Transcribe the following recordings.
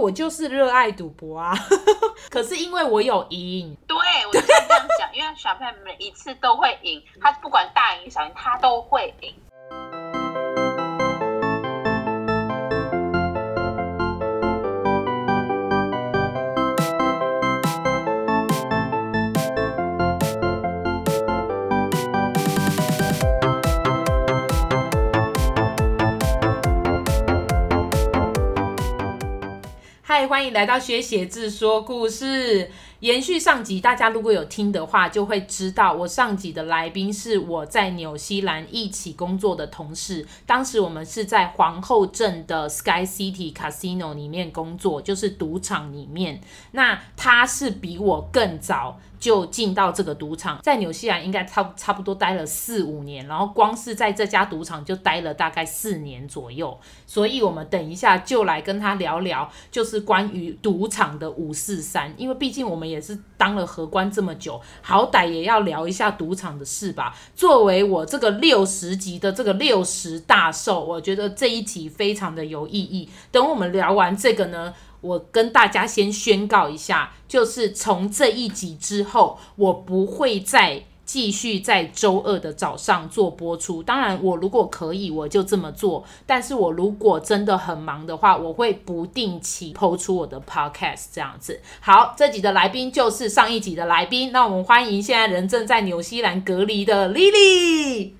我就是熱愛賭博啊，可是因為我有贏，對，我就是這樣講， 因為小朋友每一次都會贏，他不管大贏小贏，他都會贏。歡迎來到薛協志說故事。延續上集，大家如果有聽的話，就會知道我上集的來賓是我在紐西蘭一起工作的同事。當時我們是在皇後鎮的 Sky City Casino 裡面工作，就是賭場裡面。那他是比我更早。就進到這個賭場，在紐西蘭應該差差不多待了四五年，然後光是在這家賭場就待了大概四年左右，所以我們等一下就來跟他聊聊，就是關於賭場的五四三，因為畢竟我們也是當了荷官這麼久，好歹也要聊一下賭場的事吧。作為我這個六十集的這個六十大壽，我覺得這一集非常的有意義。等我們聊完這個呢。我跟大家先宣告一下，就是從這一集之後，我不會再繼續在周二的早上做播出。當然，我如果可以，我就這麼做，但是我如果真的很忙的話，我會不定期拋出我的 podcast，這樣子。好，這集的來賓就是上一集的來賓，那我們歡迎現在人正在紐西蘭隔離的 Lily。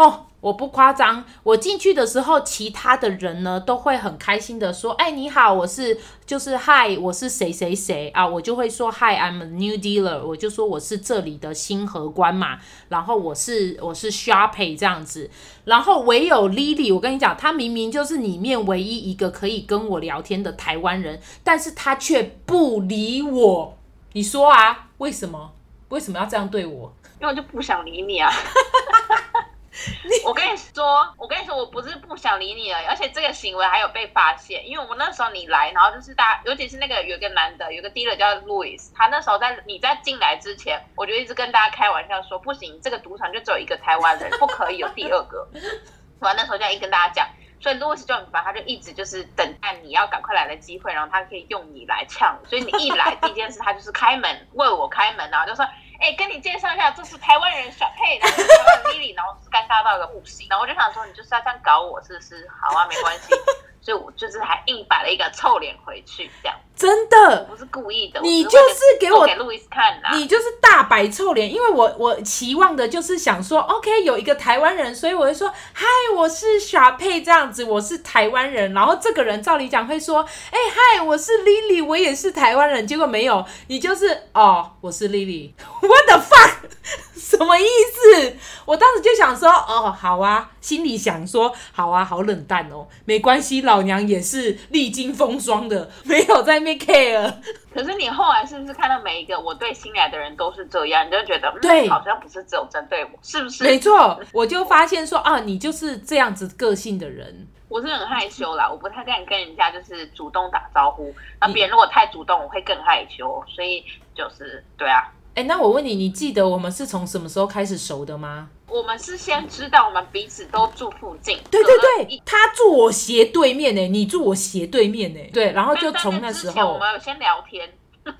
哦，我不誇張，我進去的時候，其他的人呢都會很開心的說：“哎，你好，我是就是 Hi，我是誰誰誰啊。”我就會說：“Hi，I'm a new dealer。”我就說我是這裡的新荷官嘛。然後我是我是 Sharpay 這樣子。然後唯有 Lily，我跟你講，她明明就是裡面唯一一個可以跟我聊天的台灣人，但是她卻不理我。你說啊，為什麼？為什麼要這樣對我？因為我就不想理你啊。 你 我跟你說，我跟你說，我不是不想理你了，而且這個行為還有被發現，因為我那時候你來，然後就是大家，尤其是那個有個男的，有個 dealer 叫 Louis，他那時候在你在進來之前，我就一直跟大家開玩笑說，不行，這個賭場就只有一個台灣人，不可以有第二個。完 那時候這樣一跟大家講，所以 Louis 就很煩，他就一直就是等待你要趕快來的機會，然後他可以用你來嗆。所以你一來，第一件事他就是開門，為我開門，然後就說。哎，跟你介紹一下，這是台灣人小佩。 然後台灣 Lily 然後是尷尬到一個不行，然後我就想說，你就是要這樣搞我，是不是？好啊，沒關係， 所以我就是還硬擺了一個臭臉回去，這樣。真的，不是故意的，你就是給我,我給路易斯看啦，你就是大擺臭臉。因為我我期望的就是想說，OK，有一個台灣人，所以我會說，嗨，我是小佩這樣子，我是台灣人。然後這個人照理講會說，哎，嗨，我是 Lily，我也是台灣人。結果沒有，你就是哦，oh, 我是 Lily，What the fuck？ 什麼意思？我當時就想說，哦、oh,，好啊，心裡想說，好啊，好冷淡哦，沒關係，老娘也是歷經風霜的，沒有在面。可是你後來是不是看到每一個我對新來的人都是這樣，你就覺得對、嗯、好像不是只有針對我，是不是？沒錯，我就發現說啊，你就是這樣子個性的人。我是很害羞啦，我不太敢跟人家就是主動打招呼，那別人如果太主動，我會更害羞，所以就是對啊。欸、那我問你，你記得我們是從什麼時候開始熟的嗎？我們是先知道我們彼此都住附近，對對對，他住我斜對面呢、欸，你住我斜對面呢、欸，對，然後就從那時候，我們先聊天。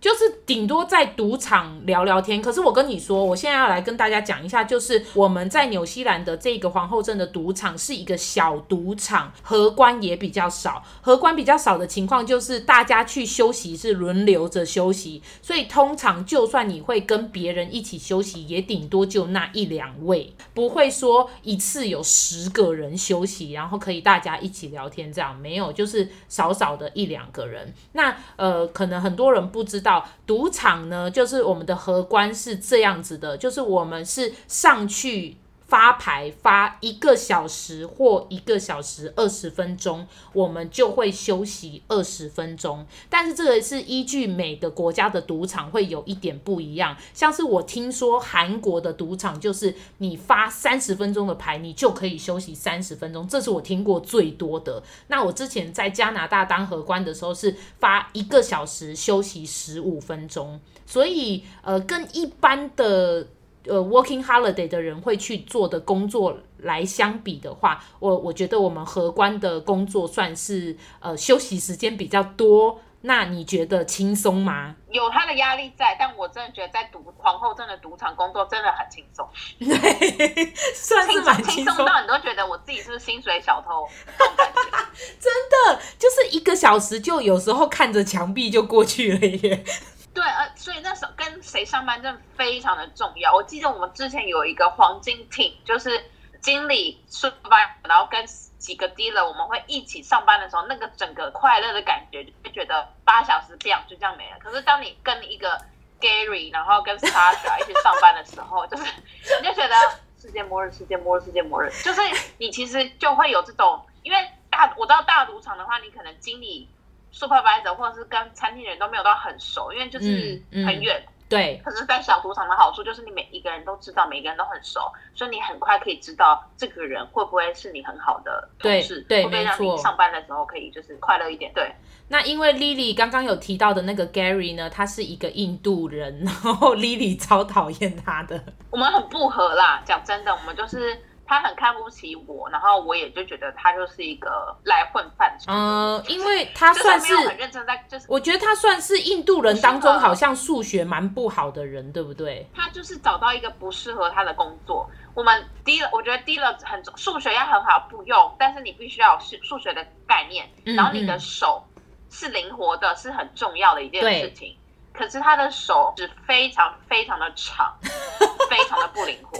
就是頂多在賭場聊聊天，可是我跟你說，我現在要來跟大家講一下，就是我們在紐西蘭的這個皇後鎮的賭場是一個小賭場，荷官也比較少。荷官比較少的情況就是大家去休息是輪流着休息，所以通常就算你會跟別人一起休息，也頂多就那一兩位，不會說一次有十個人休息，然後可以大家一起聊天這樣，沒有，就是少少的一兩個人。那呃，可能很多人不知道。賭場呢，就是我們的荷官是這樣子的，就是我們是上去。發牌發一個小時或一個小時二十分鐘，我們就會休息二十分鐘。但是這個是依據每個國家的賭場會有一點不一樣。像是我聽說韓國的賭場就是你發三十分鐘的牌，你就可以休息三十分鐘，這是我聽過最多的。那我之前在加拿大當荷官的時候是發一個小時休息十五分鐘，所以呃，跟一般的。呃，working holiday 的人會去做的工作來相比的話，我我覺得我們荷官的工作算是呃休息時間比較多。那你覺得輕鬆嗎？有他的壓力在，但我真的覺得在賭皇後鎮的賭場工作真的很輕鬆，對，算是蠻輕鬆，輕鬆到你都覺得我自己是，是薪水小偷， 真的就是一個小時就有時候看着牆壁就過去了耶。對，呃，所以那時候跟誰上班真的非常的重要。我記得我們之前有一個黃金 team，就是經理上班，然後跟幾個 dealer 我們會一起上班的時候，那個整個快樂的感覺就會覺得八小時變就這樣沒了。可是當你跟一個 Gary，然後跟 Sasha 一起上班的時候， 就是你就覺得世界末日，世界末日，世界末日。 就是你其實就會有這種，因為大我知道大賭場的話，你可能經理。supervisor 或者是跟餐廳的人都沒有到很熟，因為就是很遠。嗯嗯、對，可是，在小賭場的好處就是你每一個人都知道，每個人都很熟，所以你很快可以知道這個人會不會是你很好的同事，對對，會不會讓你上班的時候可以就是快樂一點。沒錯。對，那因為 Lily 剛剛有提到的那個 Gary 呢，他是一個印度人，然後 Lily 超討厭他的，我們很不合啦。講真的，我們就是。他很看不起我，然後我也就覺得他就是一個來混飯吃。嗯，就是、因為他算是算很認真，在就是我覺得他算是印度人當中好像數學蠻不好的人，對不對？他就是找到一個不適合他的工作。我們低了，我覺得低了很數學要很好不用，但是你必須要有數數學的概念，然後你的手是靈活的，是很重要的一件事情。嗯嗯，可是他的手是非常非常的長， 非常的不靈活。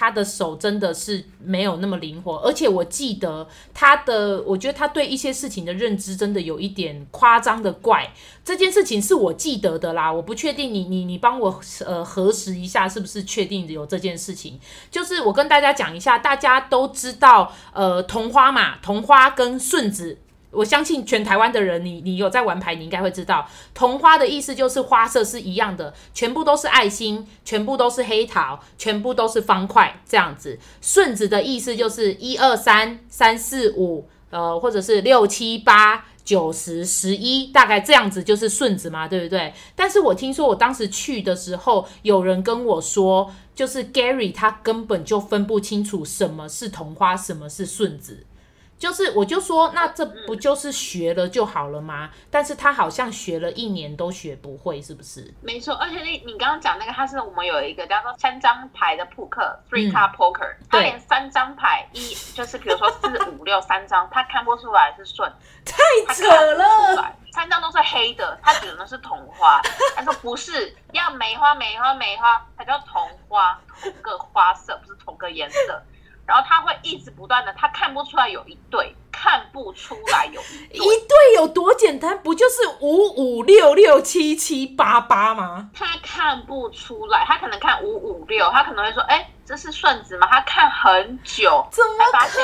他的手真的是沒有那麼靈活，而且我記得他的，我覺得他對一些事情的認知真的有一點誇張的怪。這件事情是我記得的啦，我不確定你你你幫我呃核實一下，是不是確定有這件事情？就是我跟大家講一下，大家都知道呃同花嘛，同花跟順子。我相信全台灣的人，你你有在玩牌，你應該會知道，同花的意思就是花色是一樣的，全部都是愛心，全部都是黑桃，全部都是方塊這樣子。順子的意思就是一二三三四五，呃，或者是六七八九十十一，大概這樣子就是順子嘛，對不對？但是我聽說我當時去的時候，有人跟我說，就是 Gary 他根本就分不清楚什麼是同花，什麼是順子。就是，我就說，那這不就是學了就好了嗎？嗯、但是他好像學了一年都學不會，是不是？沒錯，而且那，你剛剛講那個，他是我們有一個叫做三張牌的撲克 （Three Card Poker），他連三張牌一，就是比如說四五六三張，他 看不出來是順，太扯了。他看不出來，三張都是黑的，他只能是同花，他 說不是，要梅花、梅花、梅花他叫同花，同個花色不是同個顏色。然後他會一直不斷的，他看不出來有一對，看不出來有一對， 一對有多簡單，不就是五五六六七七八八嗎？他看不出來，他可能看五五六，他可能會說，哎、欸，這是順子嗎？他看很久，怎麼可能？才發現，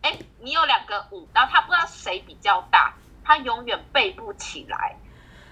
哎、欸，你有兩個五，然後他不知道誰比較大，他永遠背不起來。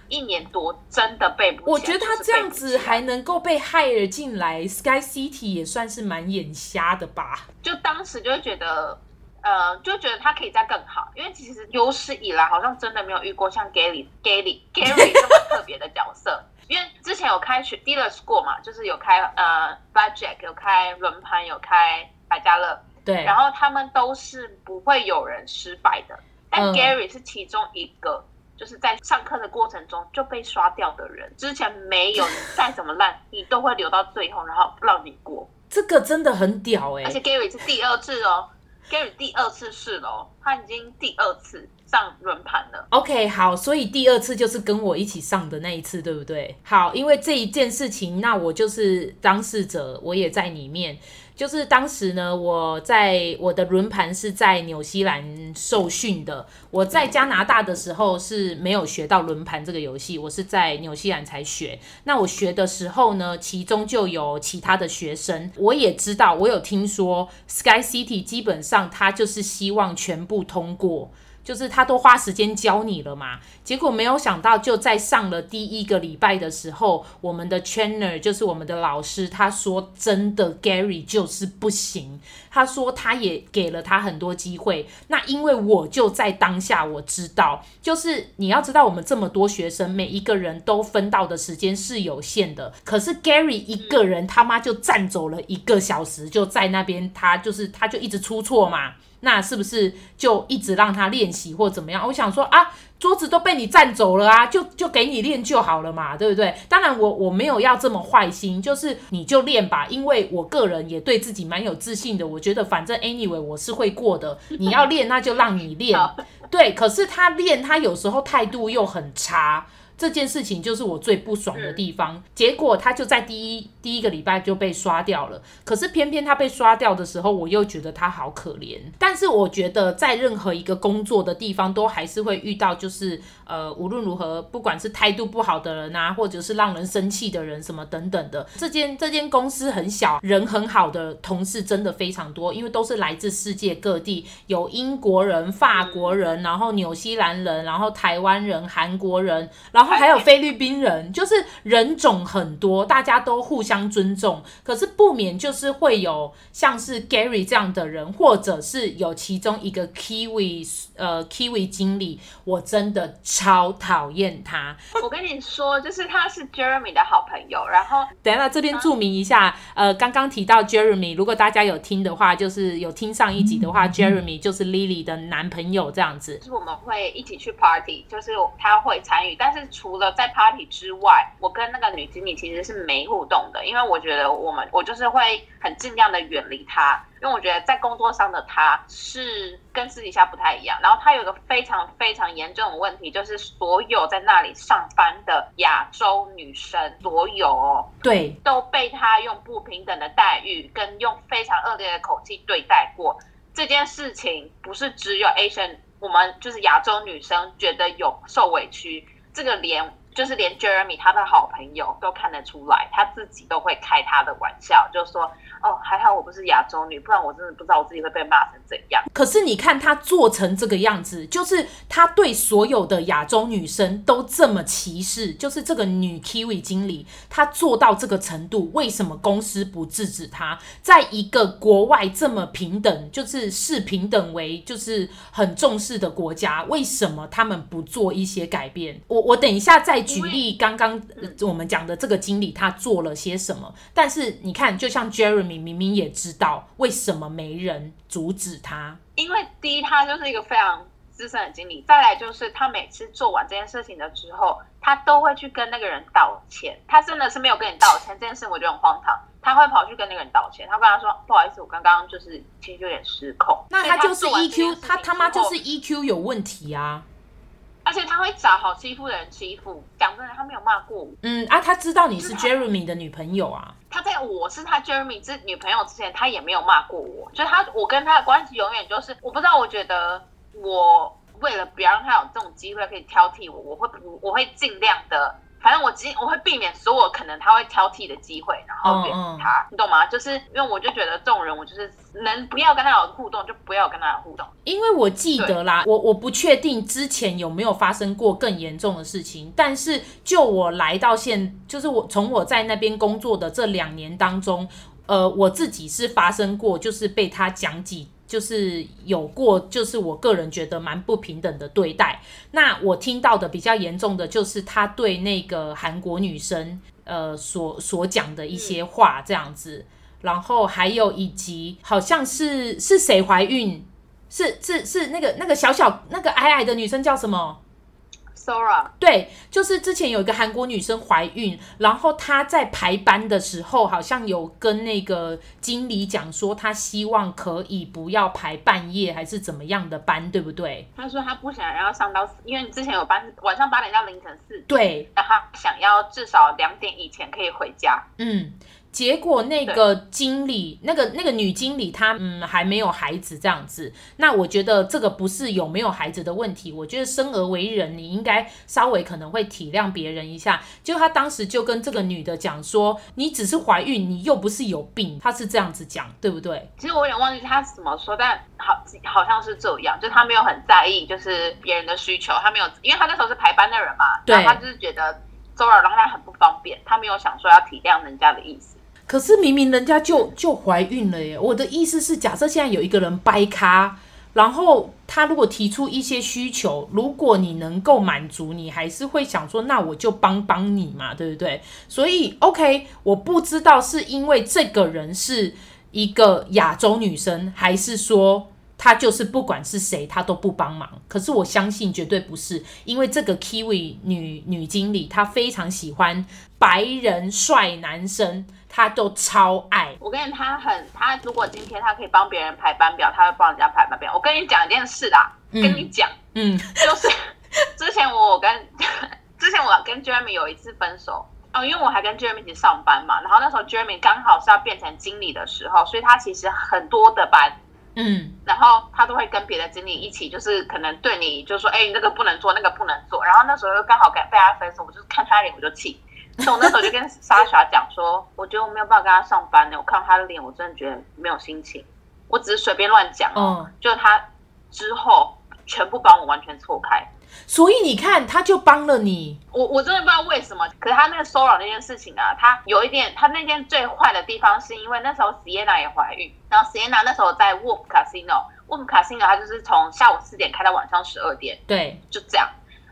一年多真的背不，我覺得他這樣子還能夠被 hire 進來，Sky City 也算是蠻眼瞎的吧。就當時就覺得，呃，就覺得他可以再更好，因為其實有史以來好像真的沒有遇過像 Gary、Gary、Gary 這麼特別的角色。 因為之前有開學 Dealers 過嘛，就是有開呃 Blackjack，有開輪盤，有開百家樂，對。然後他們都是不會有人失敗的，但 Gary、嗯、是其中一個。就是在上課的過程中就被刷掉的人，之前沒有再怎麼爛， 你都會留到最後，然後不讓你過。這個真的很屌欸！而且 Gary 是第二次喔， ，Gary 第二次試囉，他已經第二次上輪盤了。OK，好，所以第二次就是跟我一起上的那一次，對不對？好，因為這一件事情，那我就是當事者，我也在裡面。就是當時呢，我在我的輪盤是在紐西蘭受訓的。我在加拿大的時候是沒有學到輪盤這個遊戲，我是在紐西蘭才學。那我學的時候呢，其中就有其他的學生，我也知道，我有聽說 Sky City 基本上它就是希望全部通過。就是他都花時間教你了嘛，結果沒有想到，就在上了第一個禮拜的時候，我們的 trainer 就是我們的老師，他說真的 Gary 就是不行。他說他也給了他很多機會，那因為我就在當下我知道，就是你要知道我們這麼多學生，每一個人都分到的時間是有限的，可是 Gary 一個人他媽就站走了一個小時，就在那邊他就是他就一直出錯嘛。那是不是就一直讓他練習或怎麼樣？我想說啊，桌子都被你佔走了啊，就就給你練就好了嘛，對不對？當然我我沒有要這麼壞心，就是你就練吧，因為我個人也對自己蠻有自信的，我覺得反正 anyway 我是會過的，你要練那就讓你練，對。可是他練他有時候態度又很差。這件事情就是我最不爽的地方，結果他就在第一第一個禮拜就被刷掉了。可是偏偏他被刷掉的時候，我又覺得他好可憐。但是我覺得在任何一個工作的地方，都還是會遇到，就是呃，無論如何，不管是態度不好的人啊，或者是讓人生氣的人什麼等等的。這間這間公司很小，人很好的同事真的非常多，因為都是來自世界各地，有英國人、法國人，然後紐西蘭人，然後台灣人、韓國人，然後。然後還有菲律賓人，就是人種很多，大家都互相尊重，可是不免就是會有像是 Gary 這樣的人，或者是有其中一個 Kiwi 呃 Kiwi 經理，我真的超討厭他。我跟你說，就是他是 Jeremy 的好朋友。然後，等下這邊注明一下，呃，剛剛提到 Jeremy，如果大家有聽的話，就是有聽上一集的話，嗯，Jeremy 就是 Lily 的男朋友這樣子。就是我們會一起去 party，就是他會參與，但是。除了在 party 之外，我跟那個女經理其實是沒互動的，因為我覺得我們我就是會很盡量的遠離她，因為我覺得在工作上的她是跟私底下不太一樣。然後她有個非常非常嚴重的問題，就是所有在那裡上班的亞洲女生，所有哦，對，都被她用不平等的待遇跟用非常惡劣的口氣對待過。這件事情不是只有 Asian，我們就是亞洲女生覺得有受委屈。這個臉。就是連 Jeremy 他的好朋友都看得出來，他自己都會開他的玩笑，就說：“哦，還好我不是亞洲女，不然我真的不知道我自己會被罵成怎樣。”可是你看他做成這個樣子，就是他對所有的亞洲女生都這麼歧視。就是這個女 Kiwi 經理，她做到這個程度，為什麼公司不制止她？在一個國外這麼平等，就是視平等為就是很重視的國家，為什麼他們不做一些改變？我我等一下再。舉例，剛剛我們講的這個經理，他做了些什麼？但是你看，就像 Jeremy 明明也知道為什麼沒人阻止他？因為第一，他就是一個非常資深的經理，再來就是他每次做完這件事情的時候，他都會去跟那個人道歉。他真的是沒有跟你道歉這件事，我覺得很荒唐。他會跑去跟那個人道歉，他會跟他說：“不好意思，我剛剛就是其實有點失控。”那他就是 EQ，他，他他媽就是 EQ 有問題啊！而且他會找好欺負的人欺負，講真的，他沒有罵過我。嗯啊，他知道你是 Jeremy 的女朋友啊。他在我是他 Jeremy 之女朋友之前，他也沒有罵過我。所以，他我跟他的關係永遠就是，我不知道。我覺得我為了不要讓他有這種機會可以挑剔我，我會我我會盡量的，反正我盡我會避免所有可能他會挑剔的機會。嗯，離你懂嗎？就是因為我就覺得這種人，我就是能不要跟他有互動，就不要跟他有互動。因為我記得啦，我我不確定之前有沒有發生過更嚴重的事情，但是就我來到現，就是我從我在那邊工作的這兩年當中，呃，我自己是發生過，就是被他講幾，就是有過，就是我個人覺得蠻不平等的對待。那我聽到的比較嚴重的就是他對那個韓國女生。呃，所所講的一些話這樣子，嗯、然後還有以及好像是是誰懷孕，是是是那個那個小小那個矮矮的女生叫什麼？對，就是之前有一個韓國女生懷孕，然後她在排班的時候，好像有跟那個經理講說，她希望可以不要排半夜還是怎麼樣的班，對不對？她說她不想要上到四，因為之前有班晚上八點到凌晨四點，對，然後她想要至少兩點以前可以回家，嗯。結果那個經理，對那個那個女經理她，她嗯還沒有孩子這樣子。那我覺得這個不是有沒有孩子的問題，我覺得生而為人，你應該稍微可能會體諒別人一下。就她當時就跟這個女的講說：“你只是懷孕，你又不是有病。”她是這樣子講，對不對？其實我有點忘記她怎麼說，但好好像是這樣，就她沒有很在意就是別人的需求，她沒有，因為她那時候是排班的人嘛，對她就是覺得周二讓她很不方便，她沒有想說要體諒人家的意思。可是明明人家就就懷孕了耶！我的意思是，假設現在有一個人掰咖，然後他如果提出一些需求，如果你能夠滿足，你還是會想說，那我就幫幫你嘛，對不對？所以，OK，我不知道是因為這個人是一個亞洲女生，還是說她就是不管是誰，她都不幫忙。可是我相信，絕對不是，因為這個 Kiwi 女女經理她非常喜歡白人帥男生。他都超愛我，跟你他很，他如果今天他可以幫別人排班表，他會幫人家排班表。我跟你講一件事啊，嗯、跟你講，嗯，就是之前我跟之前我跟 Jeremy 有一次分手，哦，因為我還跟 Jeremy 一起上班嘛，然後那時候 Jeremy 剛好是要變成經理的時候，所以他其實很多的班，嗯，然後他都會跟別的經理一起，就是可能對你，就說，哎、欸，那個不能做，那個不能做。然後那時候剛好剛被他分手，我就看他臉，我就氣。從 那時候就跟莎莎講說，我覺得我沒有辦法跟他上班了、欸、我看到他的臉，我真的覺得沒有心情。我只是隨便亂講，就他之後全部幫我完全錯開。所以你看，他就幫了你我。我我真的不知道為什麼，可是他那個騷擾那件事情啊，他有一點，他那天最壞的地方是因為那時候 Sienna 也懷孕，然後 Sienna 那時候在沃姆卡斯諾，沃姆卡斯諾他就是從下午四點開到晚上十二點，對，就這樣。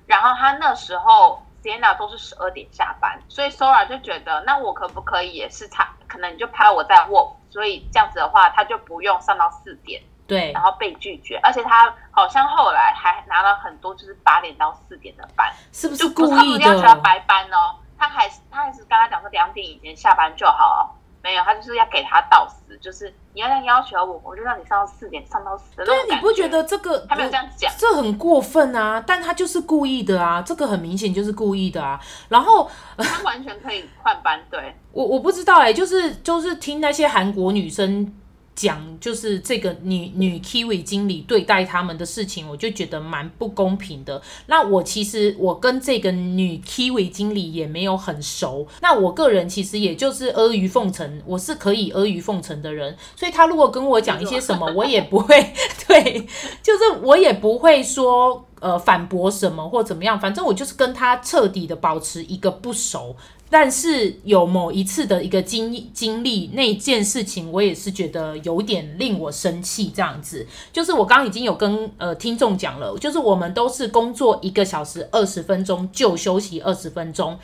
然後他那時候。天啊，都是十二點下班，所以 Sora 就覺得，那我可不可以也是他？可能你就拍我在 work，所以這樣子的話，他就不用上到四點，對，然後被拒絕。而且他好像後來還拿了很多，就是八點到四點的班，是不是？故意就不要求他白班哦，他還是他還是跟他講說兩點以前下班就好了哦。沒有，他就是要給他到死，就是你要這樣要求我，我就讓你上到四點，上到十點。對，你不覺得這個他沒有這樣講，這很過分啊！但他就是故意的啊，這個很明顯就是故意的啊。然後他完全可以換班，對。我我不知道哎、欸，就是就是聽那些韓國女生講就是這個女女 Kiwi 經理對待他們的事情，我就覺得蠻不公平的。那我其實我跟這個女 Kiwi 經理也沒有很熟。那我個人其實也就是阿諛奉承，我是可以阿諛奉承的人。所以他如果跟我講一些什麼，我也不會 對，就是我也不會說呃反駁什麼或怎麼樣。反正我就是跟他徹底的保持一個不熟。但是，有某一次的一個經經歷，那件事情我也是覺得有點令我生氣。這樣子，就是我剛剛已經有跟呃聽眾講了，就是我們都是工作一個小時二十分鐘就休息二十分鐘，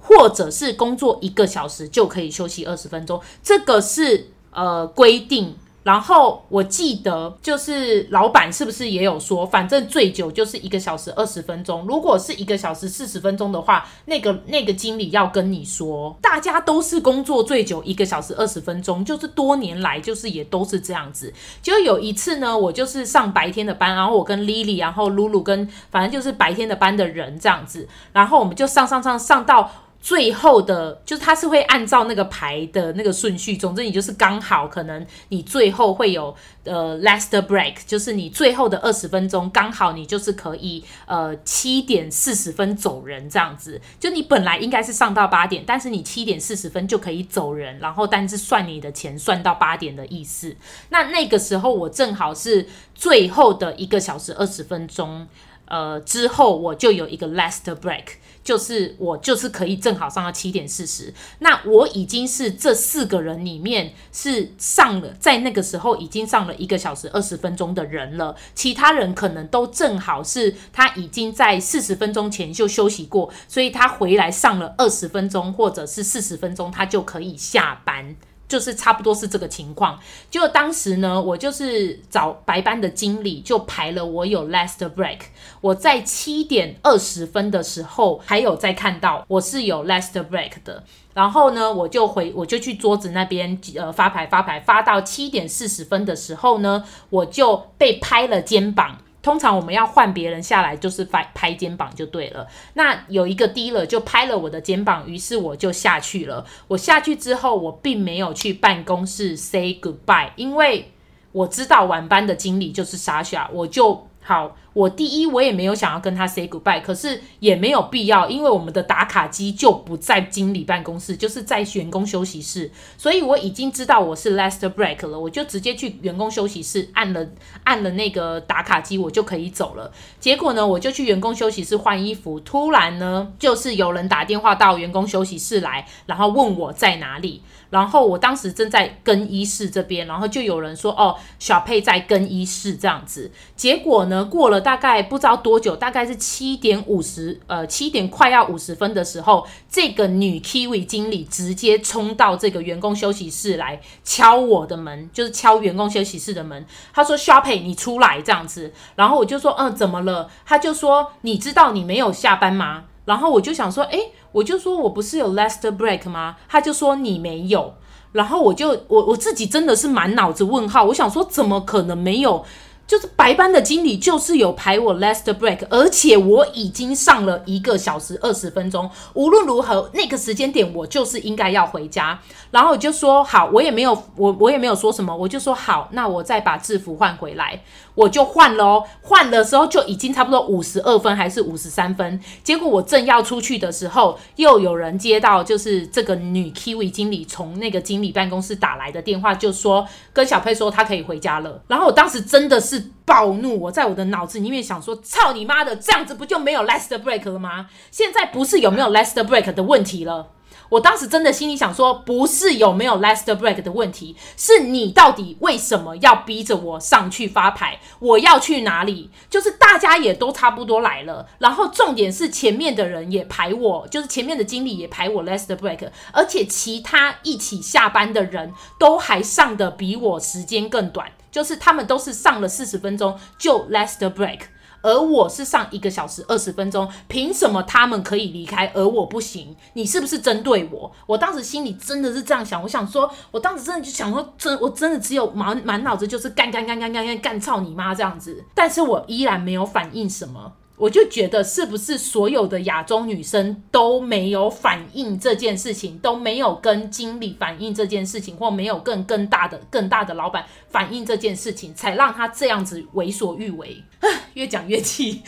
或者是工作一個小時就可以休息二十分鐘，這個是呃規定。然後我記得就是老闆是不是也有說，反正最久就是一個小時二十分鐘。如果是一個小時四十分鐘的話，那個那個經理要跟你說，大家都是工作最久一個小時二十分鐘，就是多年來就是也都是這樣子。就有一次呢，我就是上白天的班，然後我跟 Lily，然後 Lulu 跟反正就是白天的班的人這樣子，然後我們就上上上上到。最後的，就是它是會按照那個牌的那個順序，總之你就是剛好可能你最後會有呃 last break，就是你最後的二十分鐘剛好你就是可以呃七點四十分走人這樣子，就你本來應該是上到八點，但是你七點四十分就可以走人，然後但是算你的錢算到八點的意思。那那個時候我正好是最後的一個小時二十分鐘，呃之後我就有一個 last break。就是我就是可以正好上到七點四十，那我已經是這四個人裡面是上了，在那個時候已經上了一個小時二十分鐘的人了，其他人可能都正好是他已經在四十分鐘前就休息過，所以他回來上了二十分鐘或者是四十分鐘，他就可以下班。就是差不多是這個情況。就當時呢，我就是找白班的經理，就排了我有 last break。我在七點二十分的時候，還有再看到我是有 last break 的。然後呢，我就回，我就去桌子那邊，呃，發牌發牌。發到七點四十分的時候呢，我就被拍了肩膀。通常我們要換別人下來，就是拍拍肩膀就對了。那有一個 dealer 就拍了我的肩膀，於是我就下去了。我下去之後，我並沒有去辦公室 say goodbye，因為我知道晚班的經理就是 Sasha，我就。好，我第一我也沒有想要跟他 say goodbye，可是也沒有必要，因為我們的打卡機就不在經理辦公室，就是在員工休息室，所以我已經知道我是 last break 了，我就直接去員工休息室按了按了那個打卡機，我就可以走了。結果呢，我就去員工休息室換衣服，突然呢，就是有人打電話到員工休息室來，然後問我在哪裡。然後我當時正在更衣室這邊，然後就有人說：“哦，小佩在更衣室這樣子。”結果呢，過了大概不知道多久，大概是七點五十，呃，七點快要五十分的時候，這個女 Kiwi 經理直接衝到這個員工休息室來敲我的門，就是敲員工休息室的門。他說：“小佩，你出來這樣子。”然後我就說：“嗯、呃，怎麼了？”他就說：“你知道你沒有下班嗎？”然後我就想說，哎，我就說我不是有 last break 嗎？他就說你沒有。然後我就我我自己真的是滿腦子問號。我想說，怎麼可能沒有？就是白班的經理就是有排我 last break，而且我已經上了一個小時二十分鐘。無論如何，那個時間點我就是應該要回家。然後我就說好，我也沒有我我也沒有說什麼，我就說好，那我再把制服換回來。我就換了哦，換的時候就已經差不多五十二分還是五十三分，結果我正要出去的時候，又有人接到，就是這個女 Kiwi 經理從那個經理辦公室打來的電話，就說跟小佩說她可以回家了。然後我當時真的是暴怒，我在我的腦子裡面想說：操你媽的，這樣子不就沒有 last break 了嗎？現在不是有沒有 last break 的問題了？我當時真的心裡想說，不是有沒有 last break 的問題，是你到底為什麼要逼着我上去發牌？我要去哪裡？就是大家也都差不多來了，然後重點是前面的人也排我，就是前面的經理也排我 last break，而且其他一起下班的人都還上的比我時間更短，就是他們都是上了四十分鐘就 last break。而我是上一個小時二十分鐘，憑什麼他們可以離開，而我不行？你是不是針對我？我當時心裡真的是這樣想，我想說，我當時真的就想說，真，我真的只有滿滿腦子就是干干干干干干幹操你媽這樣子，但是我依然沒有反應什麼。我就覺得，是不是所有的亞洲女生都沒有反映這件事情，都沒有跟經理反映這件事情，或沒有跟更大的、更大的老板反映這件事情，才讓他這樣子為所欲為？越講越氣。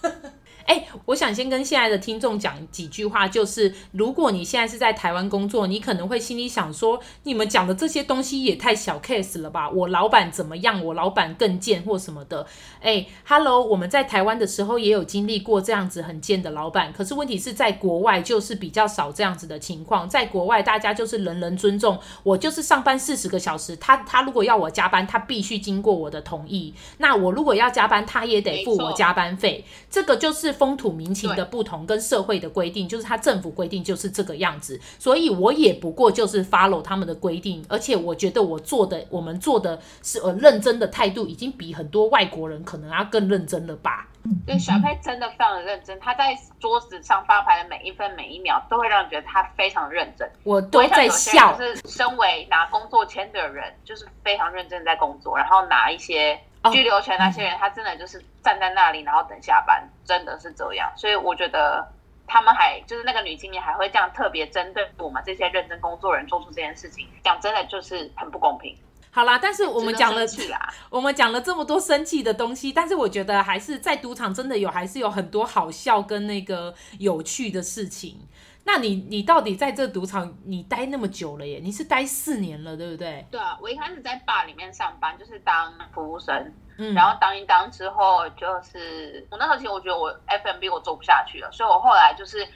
哎，我想先跟現在的聽眾講幾句話，就是如果你現在是在台灣工作，你可能會心裡想說，你們講的這些東西也太小 case 了吧？我老闆怎麼樣？我老闆更賤或什麼的？哎，Hello，我們在台灣的時候也有經歷過這樣子很賤的老闆，可是問題是在國外就是比較少這樣子的情況，在國外大家就是人人尊重，我就是上班四十個小時，他他如果要我加班，他必須經過我的同意，那我如果要加班，他也得付我加班費，沒錯。這個就是。風土民情的不同跟社會的規定，對就是他政府規定就是這個樣子，所以我也不過就是 follow 他們的規定，而且我覺得我做的，我們做的是呃認真的態度，已經比很多外國人可能要更認真了吧。對，小佩真的非常認真，嗯、他在桌子上發牌的每一分每一秒，都會讓人覺得他非常認真。我都在笑，在就是身為拿工作簽的人，就是非常認真在工作，然後拿一些。居留權那些人，他真的就是站在那裡，然後等下班，真的是這樣。所以我覺得他們還就是那個女經理還會這樣特別針對我們這些認真工作人做出這件事情，講真的就是很不公平。好啦，但是我們講了，的啦，我們講了這麼多生氣的東西，但是我覺得還是在賭場真的有，還是有很多好笑跟那個有趣的事情。那你你到底在這賭場你待那麼久了耶，你是待四年了，對不對？對啊，我一開始在 bar 裡面上班，就是當服務生，嗯，然後當一當之後，就是我那時候其實我覺得我 F&B 我做不下去了，所以我後來就是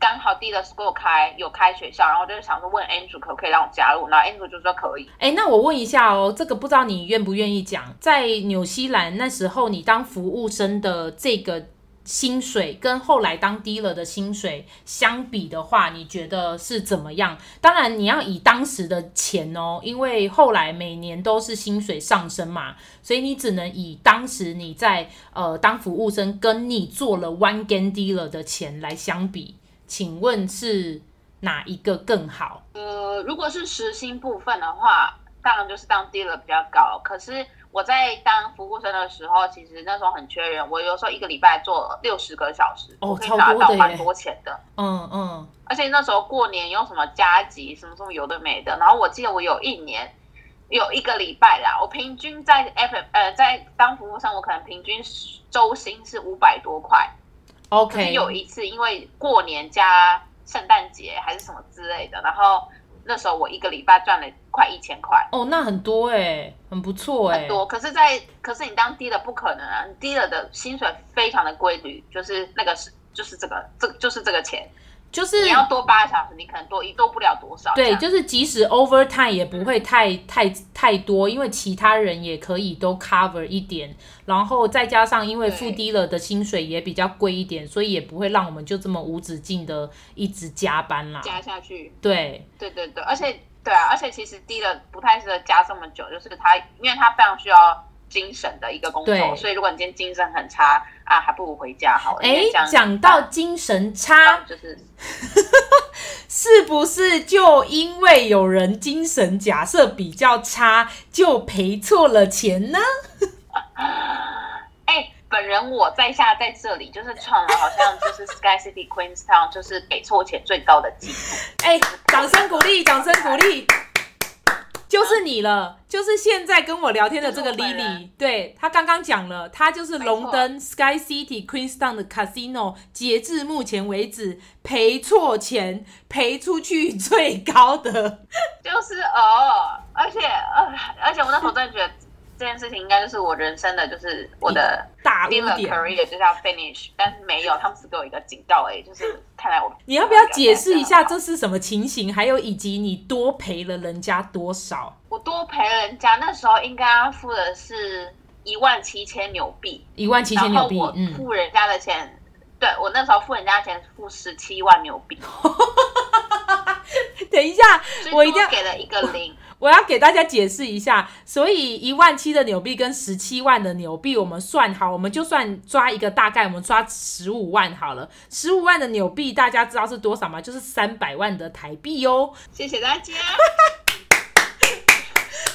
剛好 dealer school 開有開學校，然後就是想說問 Andrew 可不可以讓我加入，然後 Andrew 就說可以。哎，那我問一下哦，這個不知道你願不願意講，在紐西蘭那時候你當服務生的這個。薪水跟後來當 dealer 的薪水相比的話，你覺得是怎麼樣？當然你要以當時的錢哦，因為後來每年都是薪水上升嘛，所以你只能以當時你在呃當服務生跟你做了 one year dealer 的錢來相比。請問是哪一個更好？呃，如果是實薪部分的話。當然就是當 dealer 比較高，可是我在當服務生的時候，其實那時候很缺人，我有時候一個禮拜做六十個小時，哦、我可以拿到蠻多錢的。嗯嗯，嗯而且那時候過年有什麼加急，什麼什麼有的沒的，然後我記得我有一年有一個禮拜啦，我平均在 F M, 呃在當服務生，我可能平均週薪是五百多塊。可能 Okay 有一次因為過年加聖誕節還是什麼之類的，然後。那時候我一個禮拜賺了快一千塊哦，那很多哎，很不錯哎，多。可是，在可是你當低了不可能啊，低了的薪水非常的規律，就是那個是，就是這個，這個就是這個錢。就是你要多八個小時，你可能多多不了多少。對，就是即使 overtime 也不會太太太多，因為其他人也可以都 cover 一點，然後再加上因為付低了的薪水也比較貴一點，對所以也不會讓我們就這麼無止境的一直加班啦。加下去，對，對對對，而且對啊，而且其實低了不太適合加這麼久，就是它因為它非常需要。精神的一個工作，對所以如果你今天精神很差啊，還不如回家好。誒、欸，講到精神差，啊、就是 是不是就因為有人精神假設比較差，就賠錯了錢呢？哎、 欸，本人我在下在這裡就是創了，好像就是 SkyCity Queenstown 就是給錯錢最高的紀錄。哎、欸，掌聲鼓勵，掌聲鼓勵。 就是你了，就是現在跟我聊天的這個 Lily，對，他剛剛講了，他就是 London，錯 Sky City Queenstown 的 Casino，截至目前為止賠錯錢賠出去最高的，就是哦，而且、呃、而且我那時候真的覺得。 這件事情應該就是我人生的就是我的大幕的 career 就是要 finish，但是沒有，他們只給我一個警告誒，就是看來我你要不要解釋一下這是什麼情形？ 還有以及你多賠了人家多少？我多賠人家那時候應該要付的是一萬七千紐幣，一萬七千紐幣，然後我付人家的錢，嗯、對我那時候付人家的錢付十七萬紐幣， 等一下以我一定要給了一個零。我要給大家解釋一下，所以一萬七的紐幣跟十七萬的紐幣，我們算好，我們就算抓一個大概，我們抓十五萬好了。十五萬的紐幣，大家知道是多少嗎？就是三百萬的台幣哦。謝謝大家。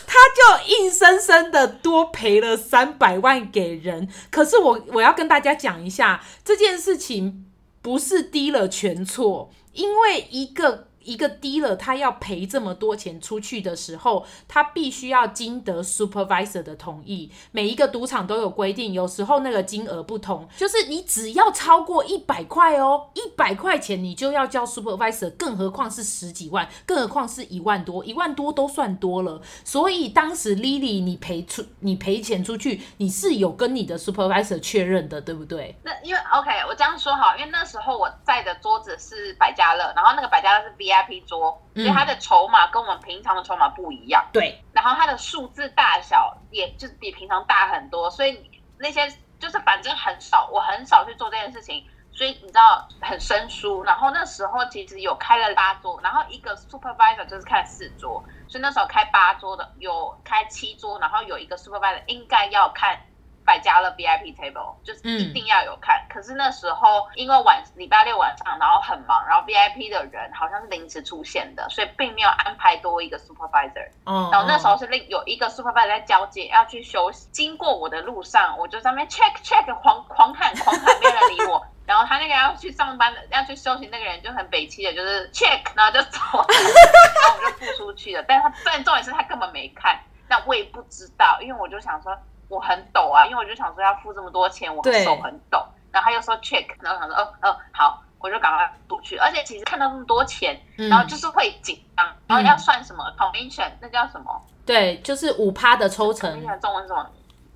他就硬生生的多賠了三百萬給人，可是我我要跟大家講一下，這件事情不是 Lily 全錯，因為一個。一個 dealer，他要賠這麼多錢出去的時候，他必須要經得 supervisor 的同意。每一個賭場都有規定，有時候那個金額不同，就是你只要超過一百塊哦，一百塊錢你就要叫 supervisor，更何況是十幾萬，更何況是一萬多，一萬多都算多了。所以當時 Lily，你賠出你,你賠錢出去，你是有跟你的 supervisor 確認的，對不對？那因為 OK，我這樣說好，因為那時候我在的桌子是百家樂，然後那個百家樂是 B。VIP 桌，所以它的籌碼跟我們平常的籌碼不一樣。嗯、對，然後它的數字大小也，也就是比平常大很多。所以那些就是反正很少，我很少去做這件事情，所以你知道很生疏。然後那時候其實有開了八桌，然後一個 supervisor 就是看四桌，所以那時候開八桌的有開七桌，然後有一個 supervisor 應該要看。百家樂 VIP table 就是一定要有看，嗯、可是那時候因為晚禮拜六晚上，然後很忙，然後 VIP 的人好像是臨時出現的，所以並沒有安排多一個 supervisor、哦。嗯，然後那時候是另有一個 supervisor 在交接要去休息，經過我的路上，我就在那邊 check check 狂狂喊狂喊，沒人理我。 然後他那個要去上班的要去休息那個人就很北七的，就是 check 然後就走了， 然後我就不出去了。但他但重點是他根本沒看，那我也不知道，因為我就想說。我很抖啊，因為我就想說要付這麼多錢，我手很抖。對然後他又說 check，然後想說，哦哦好，我就趕快賭去。而且其實看到那麼多錢，嗯、然後就是會緊張，然後要算什麼 commission 那叫什麼？對，就是五趴的抽成。是中文是什麼？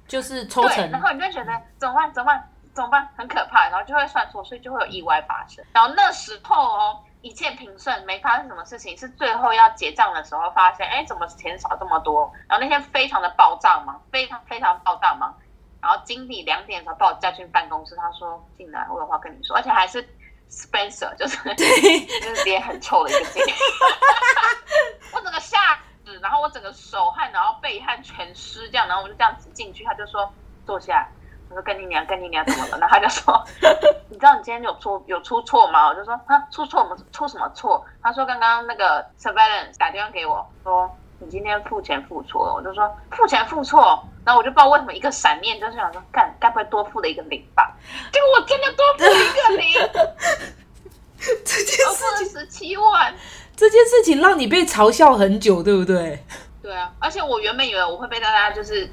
就是抽成。然後你就會覺得怎麼辦？怎麼辦？怎麼辦？很可怕，然後就會算錯，所以就會有意外發生。然後那時候哦。一切平順，沒發生什麼事情。是最後要結賬的時候，發現哎、欸，怎麼錢少這麼多？然後那天非常的爆炸嘛，非常非常爆炸嘛。然後經理兩點的時候把我叫進辦公室，他說：“進來，我有話跟你說。”而且還是 Spencer，就是就是臉很臭的一個經理。 我整個嚇死，然後我整個手汗，然後背汗全濕這樣，然後我就這樣子進去，他就說：“坐下。”我說跟你聊，跟你聊怎麼了？然後他就說， 你知道你今天有出有出錯嗎？我就說他出錯嗎？出什麼錯？他說剛剛那個 surveillance 打電話給我說你今天付錢付錯了。我就說付錢付錯，然後我就不知道為什麼一個閃念就是想說幹，該不會多付了一個零吧？就我真的多付了一個零。這件事情讓你被嘲笑很久，對不對？對啊，而且我原本以為我會被大家就是。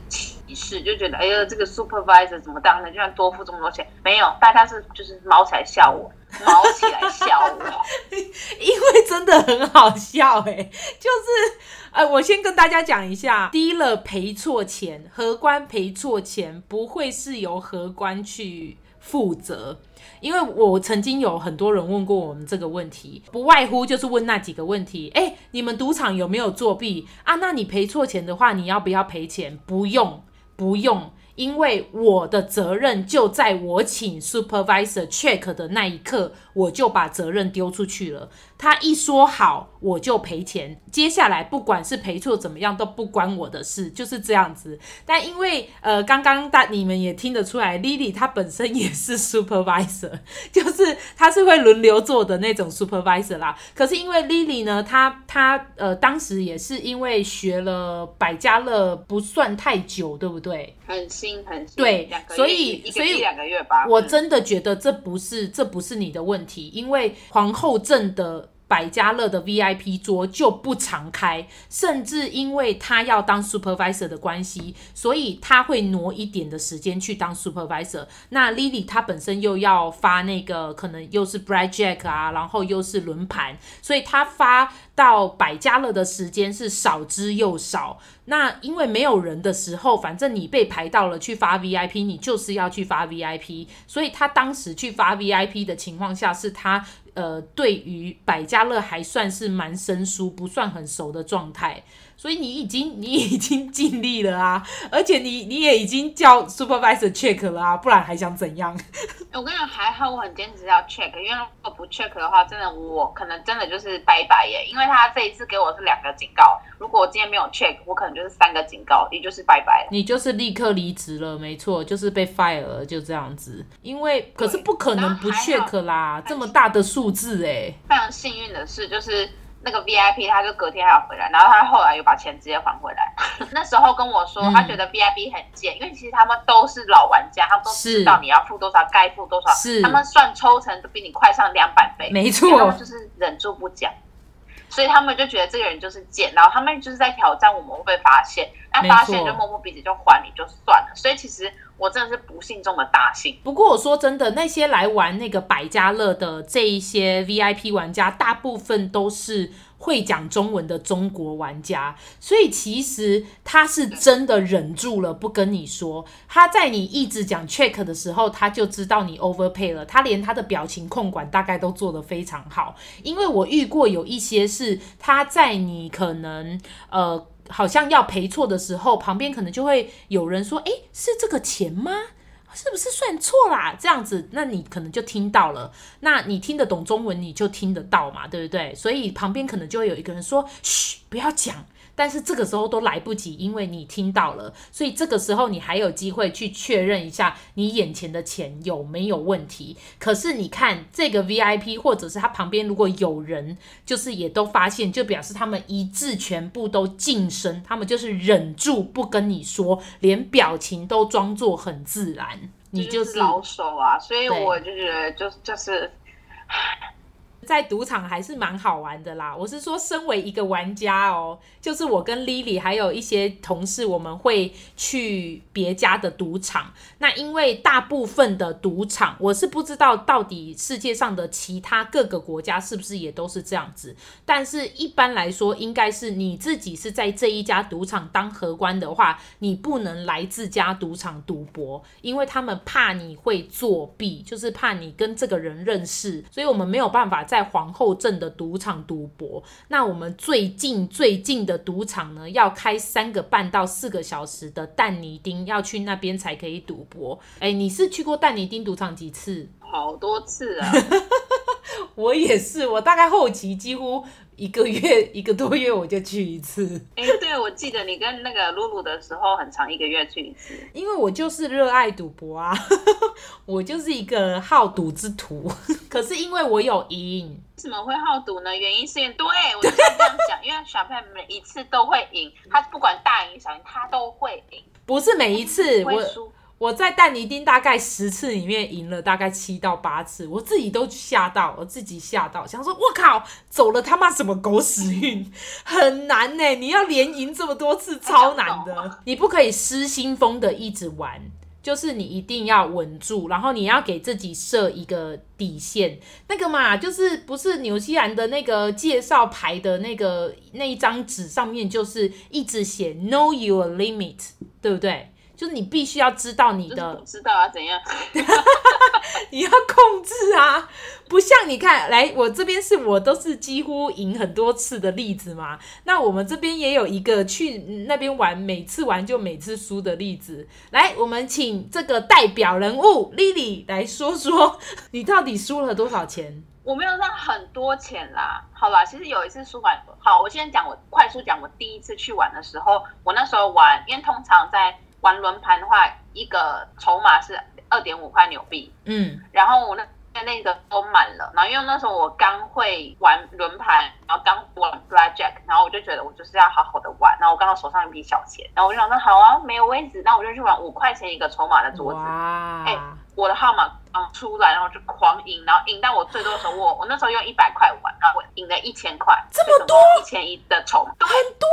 是就覺得哎呀，這個 supervisor 怎麼當的？居然多付這麼多錢？沒有，但他是就是毛起來笑我，毛起來笑我， 因為真的很好笑哎、欸，就是哎、呃，我先跟大家講一下，低了賠錯錢，荷官賠錯錢不會是由荷官去負責，因為我曾經有很多人問過我們這個問題，不外乎就是問那幾個問題，哎，你們賭場有沒有作弊啊？那你賠錯錢的話，你要不要賠錢？不用。不用，因為我的責任就在我請 supervisor check 的那一刻。我就把責任丟出去了。他一說好，我就賠錢。接下來不管是賠錯怎麼樣都不關我的事，就是這樣子。但因為呃，剛剛大你們也聽得出來 ，Lily 她本身也是 supervisor，就是她是會輪流做的那種 supervisor 啦。可是因為 Lily 呢，她她呃，當時也是因為學了百家樂不算太久，對不對？很很新。很新對，兩個月所以個所以兩個月吧。我真的覺得這不是、嗯、這不是你的問題。因為皇後鎮的。百家樂的 VIP 桌就不常開，甚至因為他要當 supervisor 的關係，所以他會挪一點的時間去當 supervisor。那 Lily 她本身又要發那個，可能又是 Black Jack 啊，然後又是輪盤，所以他發到百家樂的時間是少之又少。那因為沒有人的時候，反正你被排到了去發 VIP，你就是要去發 VIP。所以他當時去發 VIP 的情況下，是他。呃，對於百家樂還算是蠻生疏，不算很熟的狀態，所以你已經你已經盡力了啊，而且你你也已經叫 supervisor check 了啊，不然還想怎樣？我跟你講，還好我很堅持要 check，因為如果不 check 的話，真的我可能真的就是拜拜耶，因為他這一次給我是兩個警告，如果我今天沒有 check，我可能就是三個警告，也就是拜拜了，你就是立刻離職了，沒錯，就是被 fire 了，就這樣子，因為對可是不可能不 check 啦，這麼大的數。數字誒，非常幸運的是，就是那個 VIP，他就隔天還要回來，然後他後來又把錢直接還回來。 那時候跟我說，他覺得 VIP 很賤，因為其實他們都是老玩家，他們都知道你要付多少，該付多少，是他們算抽成都比你快上兩百倍，沒錯錯，就是忍住不講，所以他們就覺得這個人就是賤，然後他們就是在挑戰我們會不會發現，那發現就摸摸鼻子就還你就算了，所以其實。我真的是不幸中的大幸。不過我說真的，那些來玩那個百家樂的這一些 VIP 玩家，大部分都是會講中文的中國玩家，所以其實他是真的忍住了不跟你說。他在你一直講 check 的時候，他就知道你 overpay 了。他連他的表情控管，大概都做得非常好，因為我遇過有一些是他在你可能呃。好像要賠錯的時候，旁邊可能就會有人說：“誒，是這個錢嗎？是不是算錯啦？”這樣子，那你可能就聽到了。那你聽得懂中文，你就聽得到嘛，對不對？所以旁邊可能就會有一個人說：“噓，不要講。”但是這個時候都來不及，因為你聽到了，所以這個時候你還有機會去確認一下你眼前的錢有沒有問題。可是你看這個 VIP 或者是他旁邊如果有人，就是也都發現，就表示他們一致全部都噤聲，他們就是忍住不跟你說，連表情都裝作很自然。你就是，就是老手啊，所以我就覺得就對就是。在賭場還是蠻好玩的啦。我是說，身為一個玩家哦，就是我跟 Lily 還有一些同事，我們會去別家的賭場。那因為大部分的賭場，我是不知道到底世界上的其他各個國家是不是也都是這樣子。但是一般來說，應該是你自己是在這一家賭場當荷官的話，你不能來自家賭場賭博，因為他們怕你會作弊，就是怕你跟這個人認識，所以我們沒有辦法在。在皇後鎮的賭場賭博，那我們最近最近的賭場呢，要開三個半到四個小時的但尼丁，要去那邊才可以賭博。哎，你是去過但尼丁賭場幾次？好多次啊！ 我也是，我大概後期幾乎。一個月一個多月我就去一次。哎、 欸，對，我記得你跟那個露露的時候很長，一個月去一次。因為我就是熱愛賭博啊， 我就是一個好賭之徒。 可是因為我有贏，為什麼會好賭呢？原因是因為對我就是這樣講， 因為小朋友每一次都會贏，他不管大贏小贏，他都會贏。不是每一次輸我。我在但尼丁大概十次裡面贏了大概七到八次，我自己都嚇到，我自己嚇到，到，想說我靠，走了他媽什麼狗屎運，很難呢，欸，你要連贏這麼多次，超難的，啊，你不可以失心瘋的一直玩，就是你一定要穩住，然後你要給自己設一個底線，那個嘛，就是不是紐西蘭的那個介紹牌的那個那一張紙上面就是一直寫 know your limit，對不對？就你必須要知道你的知道啊，怎樣？ 你要控制啊，不像你看，來，我這邊是我都是幾乎贏很多次的例子嘛。那我們這邊也有一個去那邊玩，每次玩就每次輸的例子。來，我們請這個代表人物 Lily 來說說，你到底輸了多少錢？我沒有賺很多錢啦，好啦，其實有一次輸完，好，我先講我快速講我第一次去玩的時候，我那時候玩，因為通常在。玩輪盤的話，一個籌碼是二點五塊紐幣。嗯，然後我那在那個都滿了，然後因為那時候我剛會玩輪盤，然後剛玩 Black Jack，然後我就覺得我就是要好好的玩，然後我剛好手上有一筆小錢，然後我就想說好啊，沒有位置，那我就去玩五塊錢一個籌碼的桌子。哎哇。誒我的號碼嗯出來，然後就狂贏，然後贏到我最多的時候，啊、我我那時候用一百塊玩，然後我贏了一千塊，這麼多一千一的籌碼，很多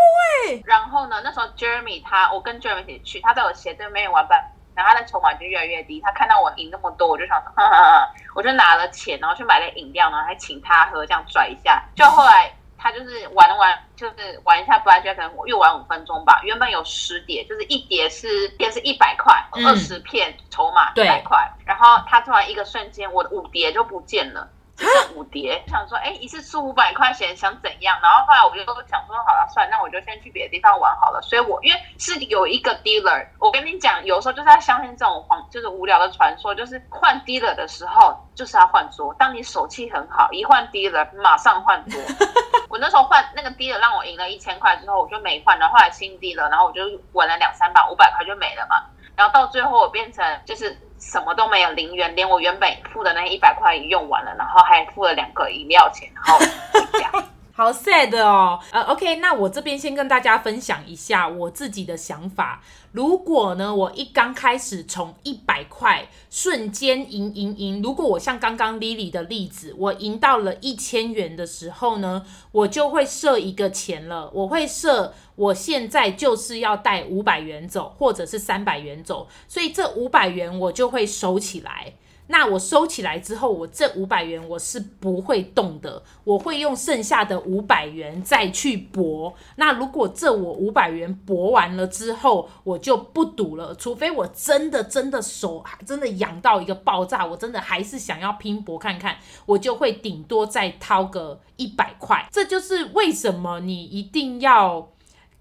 哎、欸。然後呢，那時候 Jeremy 他，我跟 Jeremy 一起去，他在我斜對面玩牌，然後他的籌碼就越來越低。他看到我贏那麼多，我就想說哈哈哈哈，我就拿了錢，然後去買了飲料，然後還請他喝，這樣拽一下。就後來。他就是玩玩，就是玩一下百家樂，可能又玩五分鐘吧。原本有十疊，就是一疊是便是一百塊，二十、嗯、片籌碼一百塊。對然後他突然一個瞬間，我的五疊就不見了。只是五碟，想說，誒、欸，一次出五百塊錢，想怎樣？然後後來我就想說，好了，算了，那我就先去別的地方玩好了。所以我，我因為是有一個 dealer，我跟你講，有時候就是要相信這種黃，就是無聊的傳說，就是換 dealer 的時候就是要換桌。當你手氣很好，一換 dealer，馬上換桌。 我那時候換那個 dealer，讓我贏了一千塊之後，我就沒換，然後，後來新 dealer，然後我就玩了兩三把，五百塊就沒了嘛。然後到最後，我變成就是。什麼都沒有，零元，連我原本付的那一百塊也用完了，然後還付了兩個飲料錢，然後回家。 好 sad 哦，呃，uh，OK，那我這邊先跟大家分享一下我自己的想法。如果呢，我一剛開始從一百塊瞬間贏贏贏，如果我像剛剛 Lily 的例子，我贏到了一千元的時候呢，我就會設一個錢了，我會設我現在就是要帶五百元走，或者是三百元走，所以這五百元我就會收起來。那我收起來之後，我這五百元我是不會動的，我會用剩下的五百元再去搏。那如果這我五百元搏完了之後，我就不賭了，除非我真的真的手真的癢到一個爆炸，我真的還是想要拼搏看看，我就會頂多再掏個一百塊。這就是為什麼你一定要。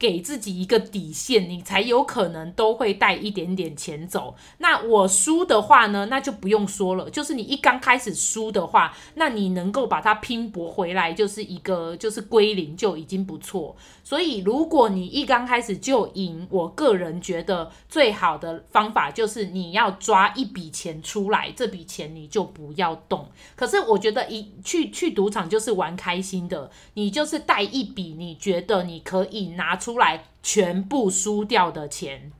給自己一個底線，你才有可能都會帶一點點錢走。那我輸的話呢？那就不用說了，就是你一剛開始輸的話，那你能夠把它拼搏回來，就是一個就是歸零就已經不錯。所以如果你一剛開始就贏，我個人覺得最好的方法就是你要抓一筆錢出來，這筆錢你就不要動。可是我覺得一去去賭場就是玩開心的，你就是帶一筆，你覺得你可以拿出。出來全部輸掉的錢，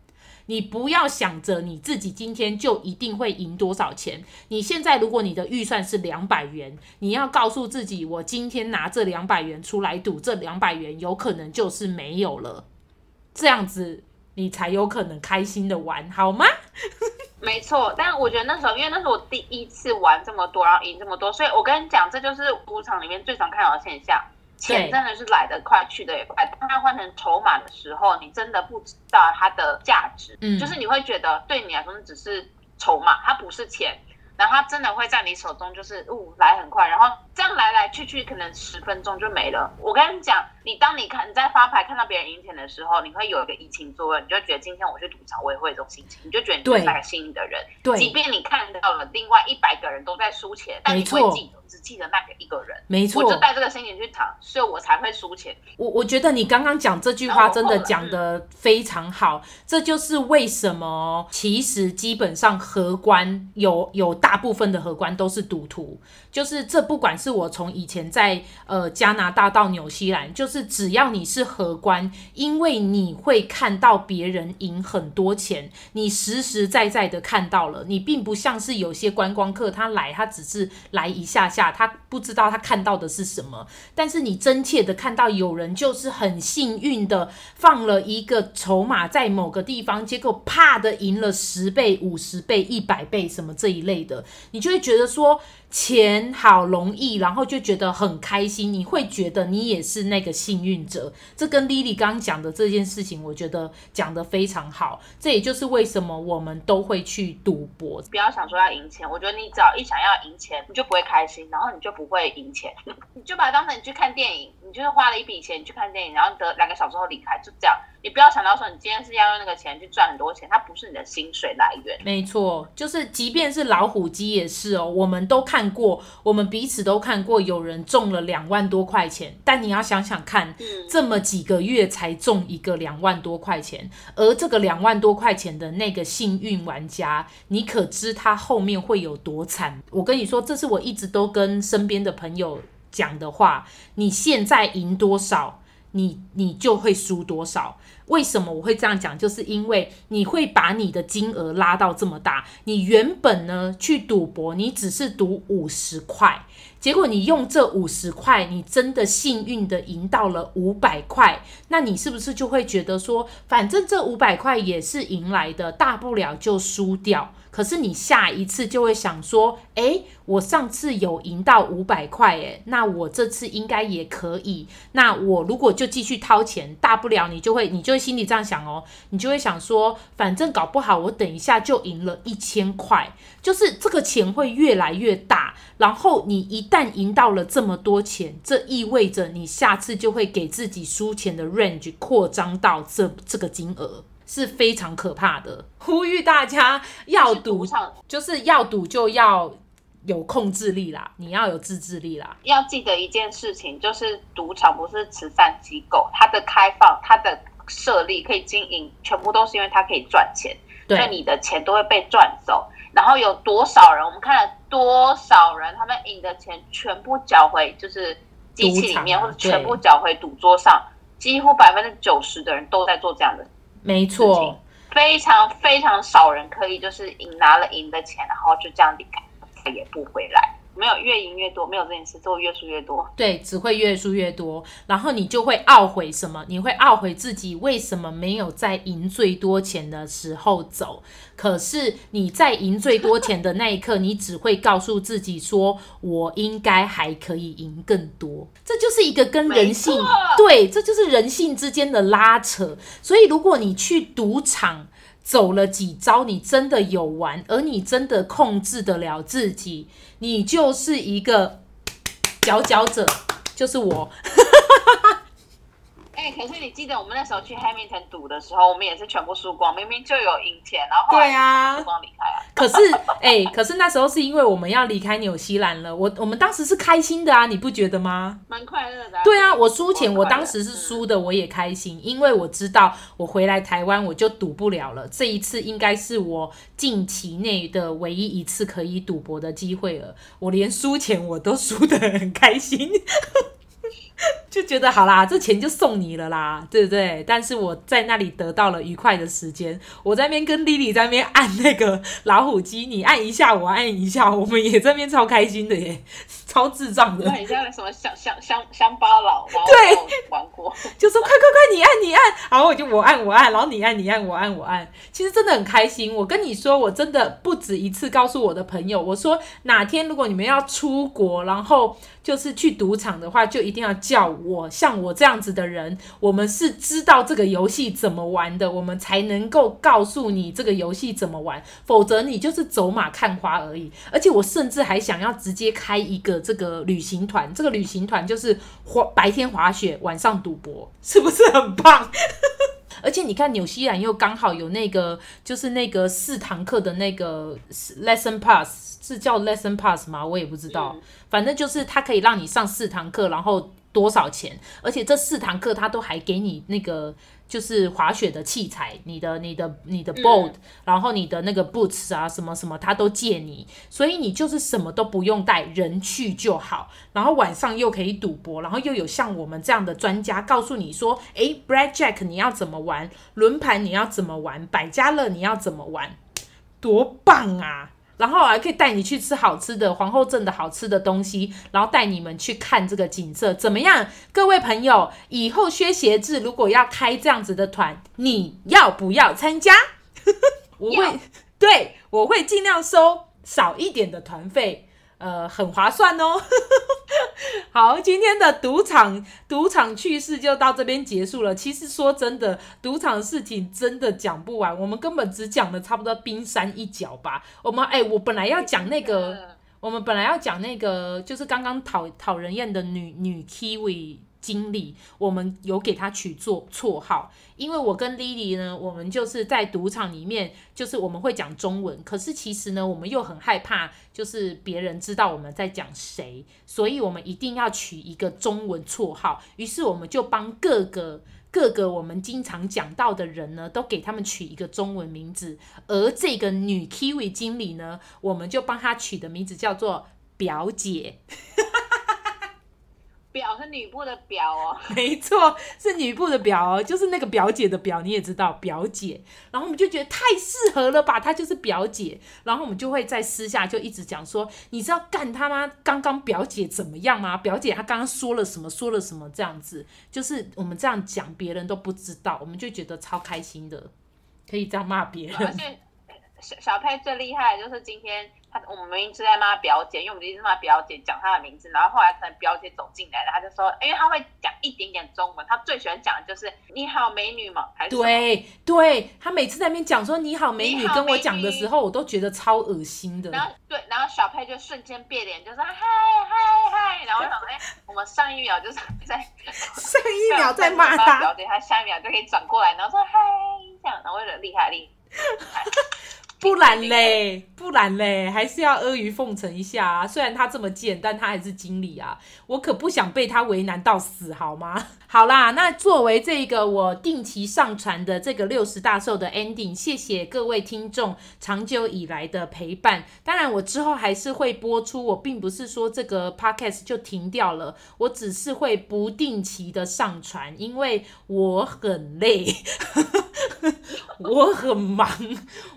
你不要想着你自己今天就一定會贏多少錢。你現在如果你的預算是兩百元，你要告訴自己，我今天拿這兩百元出來賭，這兩百元有可能就是沒有了。這樣子你才有可能開心的玩，好嗎？ 沒錯，但我覺得那時候，因為那是我第一次玩這麼多，然後贏這麼多。所以我跟你講，這就是賭場裡面最常看到的現象。錢真的是來得快，對去得也快。當它換成籌碼的時候，你真的不知道它的價值，嗯，就是你會覺得對你來說你只是籌碼，它不是錢，然後它真的會在你手中，就是哦來很快，然後。這樣來來去去，可能十分鐘就沒了。我跟你講，你當你看你在發牌看到別人贏錢的時候，你會有一個移情作用，你就覺得今天我去賭場我也會有這種心情，你就覺得你是那個幸運的人。對。即便你看到了另外一百個人都在輸錢，對但你會記錯只記得那個一個人。沒錯錯。我就帶這個心情去躺，所以我才會輸錢。我我覺得你剛剛講這句話真的講得非常好，嗯嗯、這就是為什麼其實基本上荷官有有大部分的荷官都是賭徒，就是這不管是。我從以前在呃加拿大到紐西蘭，就是只要你是荷官，因為你會看到別人贏很多錢，你實實在在在的看到了，你並不像是有些觀光客他來，他只是來一下下，他不知道他看到的是什麼。但是你真切的看到有人就是很幸運的放了一個籌碼在某個地方，結果啪的贏了十倍、五十倍、一百倍什麼這一類的，你就會覺得說。錢好容易，然後就覺得很開心，你會覺得你也是那個幸運者。這跟 Lily 剛剛講的這件事情，我覺得講得非常好。這也就是為什麼我們都會去賭博，不要想說要贏錢。我覺得你只要一想要贏錢，你就不會開心，然後你就不會贏錢。 你就把它當成你去看電影，你就是花了一筆錢去看電影，然後得兩個小時後離開，就這樣。你不要想到說你今天是要用那個錢去賺很多錢，它不是你的薪水來源。沒錯，就是即便是老虎機也是哦，我們都看過，我們彼此都看過有人中了兩萬多塊錢。但你要想想看，嗯、這麼幾個月才中一個兩萬多塊錢，而這個兩萬多塊錢的那個幸運玩家，你可知他後面會有多慘？我跟你說，這是我一直都跟身邊的朋友講的話：你現在贏多少，你你就會輸多少。為什麼我會這樣講？就是因為你會把你的金額拉到這麼大。你原本呢，去賭博，你只是賭五十塊。結果你用這五十塊，你真的幸運地贏到了五百塊，那你是不是就會覺得說，反正這五百塊也是贏來的，大不了就輸掉。可是你下一次就會想說，誒，我上次有贏到五百塊，欸，誒，那我這次應該也可以。那我如果就繼續掏錢，大不了你就會，你就會心裡這樣想哦，你就會想說，反正搞不好我等一下就贏了一千塊。就是這個錢會越來越大，然後你一旦贏到了這麼多錢，這意味着你下次就會給自己輸錢的 range 擴張到這這個金額，是非常可怕的。呼籲大家要賭，是賭場就是要賭就要有控制力啦，你要有自制力啦。要記得一件事情，就是賭場不是慈善機構，它的開放、它的設立、可以經營，全部都是因為它可以賺錢，對所以你的錢都會被賺走。然後有多少人？我們看了多少人？他們贏的錢全部繳回，就是機器裡面，場或者全部繳回賭桌上。對幾乎百分之九十的人都在做這樣的事情。沒錯，非常非常少人可以就是贏拿了贏的錢，然後就這樣離開，再也不回來。沒有越贏越多，沒有這件事，只會越輸越多。對，只會越輸越多，然後你就會懊悔什麼？你會懊悔自己為什麼沒有在贏最多錢的時候走？可是你在贏最多錢的那一刻， 你只會告訴自己說：“我應該還可以贏更多。”這就是一個跟人性錯對，這就是人性之間的拉扯。所以，如果你去賭場，走了幾遭，你真的有玩，而你真的控制得了自己，你就是一個佼佼者，就是我。 哎，可是你記得我們那時候去 Hamilton 賭的時候，我們也是全部輸光，明明就有贏錢，然後對啊，輸光離開啊。可是，哎、 欸，可是那時候是因為我們要離開紐西蘭了，我我們當時是開心的啊，你不覺得嗎？蠻快樂的。對啊，我輸錢，我當時是輸的，我也開心，嗯、因為我知道我回來台灣我就賭不了了。這一次應該是我近期內的唯一一次可以賭博的機會了，我連輸錢我都輸得很開心。 就覺得好啦，這錢就送你了啦，對不對？但是我在那裡得到了愉快的時間，我在那邊跟莉莉在那邊按那個老虎機，你按一下，我按一下，我按一下，我們也這邊超開心的耶，超智障的。那人什麼鄉鄉鄉鄉巴佬，國對，玩過，就說快快快，你按你按，然後我就我按我按，然後你按你按我按我按，其實真的很開心。我跟你說，我真的不止一次告訴我的朋友，我說哪天如果你們要出國，然後就是去賭場的話，就一定要叫我。我像我這樣子的人，我們是知道這個遊戲怎麼玩的，我們才能夠告訴你這個遊戲怎麼玩，否則你就是走馬看花而已。而且我甚至還想要直接開一個這個旅行團，這個旅行團就是滑白天滑雪，晚上賭博，是不是很棒？ 而且你看，紐西蘭又剛好有那個，就是那個四堂課的那個 lesson pass，是叫 lesson pass 嗎？我也不知道，嗯、反正就是它可以讓你上四堂課，然後。多少錢？而且這四堂課他都還給你那個，就是滑雪的器材，你的、你的、你的 board、嗯、然後你的那個 boots 啊，什麼什麼，他都借你，所以你就是什麼都不用帶，人去就好。然後晚上又可以賭博，然後又有像我們這樣的專家告訴你說，哎 Black Jack 你要怎麼玩，輪盤你要怎麼玩，百家樂你要怎麼玩，多棒啊！然後我還可以帶你去吃好吃的皇後鎮的好吃的東西，然後帶你們去看這個景色怎麼樣？各位朋友，以後薛協志，如果要開這樣子的團，你要不要參加？ 我會，要對，我會盡量收少一點的團費，呃，很划算哦。 好，今天的賭場賭場趣事就到這邊結束了。其實說真的，賭場的事情真的講不完，我們根本只講了差不多冰山一角吧。我們哎、欸，我本來要講那個，這個、我們本來要講那個，就是剛剛討討人厭的女女 Kiwi 經理，我們有給他取綽號，因為我跟 Lily 呢，我們就是在賭場裡面，就是我們會講中文，可是其實呢，我們又很害怕，就是別人知道我們在講誰，所以我們一定要取一個中文綽號。於是我們就幫各個各個我們經常講到的人呢，都給他們取一個中文名字。而這個女 Kiwi 經理呢，我們就幫她取的名字叫做表姐。 表是女部的表哦，沒錯，是女部的表哦，就是那個表姐的表，你也知道表姐。然後我們就覺得太適合了吧，她就是表姐。然後我們就會在私下就一直講說，你知道幹他媽剛剛表姐怎麼樣嗎？啊？表姐她剛剛說了什麼，說了什麼這樣子，就是我們這樣講，別人都不知道，我們就覺得超開心的，可以這樣罵別人。而且小小佩最厲害，就是今天。他我們一直在罵表姐，因為我們一直罵表姐講她的名字，然後後來可能表姐走進來了，她就說，因為她會講一點點中文，她最喜歡講的就是你好美女嘛。對對，她每次在那邊講說你好美女跟我講的時候，我都覺得超惡心的。然後對，然後小佩就瞬間變臉，就說嗨嗨嗨，然後想說 哎，我們上一秒就是在上一秒在罵他， 上一秒在罵他表姐，他下一秒就可以轉過來，然後說嗨這樣，然後我就厲害厲害。 不然嘞，不然嘞，還是要阿諛奉承一下啊。雖然他這麼賤，但他還是經理啊，我可不想被他為難到死，好嗎？好啦，那作為這個我定期上傳的這個六十大壽的 ending，謝謝各位聽眾長久以來的陪伴。當然，我之後還是會播出，我並不是說這個 podcast 就停掉了，我只是會不定期的上傳，因為我很累。 我很忙，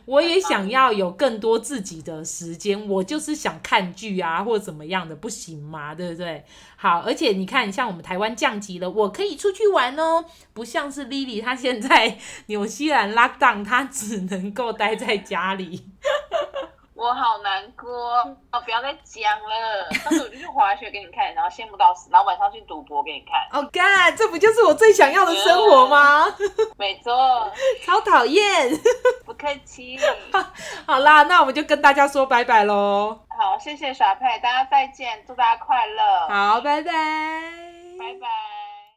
我也想要有更多自己的時間。忙我就是想看劇啊，或怎麼樣的，不行嗎？對不對？好，而且你看，像我們台灣降級了，我可以出去玩哦，不像是 Lily，她現在紐西蘭 lockdown，她只能夠待在家裡。 我好難過，哦，不要再講了。然後我就去滑雪給你看，然後羨慕到死，然後晚上去賭博給你看。Oh God，這不就是我最想要的生活嗎？呃、沒錯，超討厭。不客氣。好啦，那我們就跟大家說拜拜嘍。好，謝謝耍派，大家再見，祝大家快樂。好，拜拜。拜拜。